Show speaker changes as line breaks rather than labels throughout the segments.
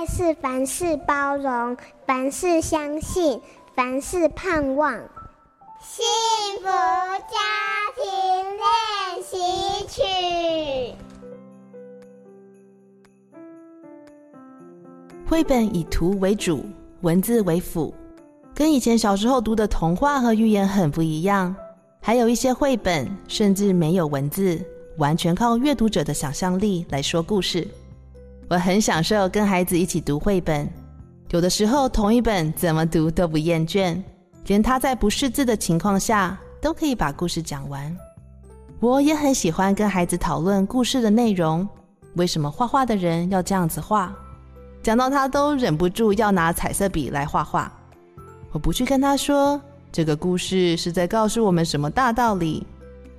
但是凡事包容，凡事相信，凡事盼望。
幸福家庭練習曲。
繪本以圖為主，文字為輔，跟以前小時候讀的童話和寓言很不一樣。還有一些繪本甚至沒有文字，完全靠閱讀者的想象力來說故事。我很享受跟孩子一起讀繪本，有的時候同一本怎麼讀都不厭倦，連他在不識字的情況下都可以把故事講完。我也很喜歡跟孩子討論故事的內容，為什麼畫畫的人要這樣子畫？講到他都忍不住要拿彩色筆來畫畫。我不去跟他說這個故事是在告訴我們什麼大道理，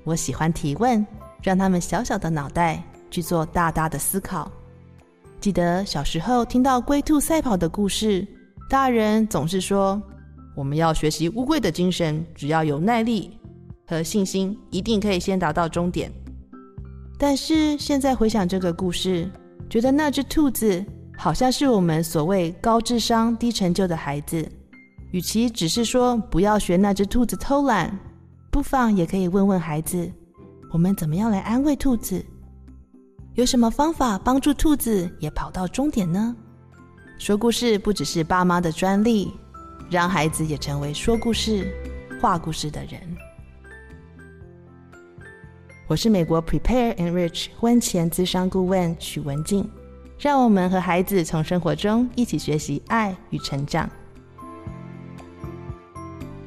我喜歡提問，讓他們小小的腦袋去做大大的思考。記得小時候聽到龜兔賽跑的故事，大人總是說我們要學習烏龜的精神，只要有耐力和信心，一定可以先達到終點。但是現在回想這個故事，覺得那隻兔子好像是我們所謂高智商低成就的孩子。與其只是說不要學那隻兔子偷懶，不妨也可以問問孩子，我們怎麼樣來安慰兔子？有什麼方法幫助兔子也跑到終點呢？說故事不只是爸媽的專利，讓孩子也成為說故事、畫故事的人。我是美國 PREPARE/ENRICH 婚前諮商顧問許文靜，讓我們和孩子從生活中一起學習愛與成長。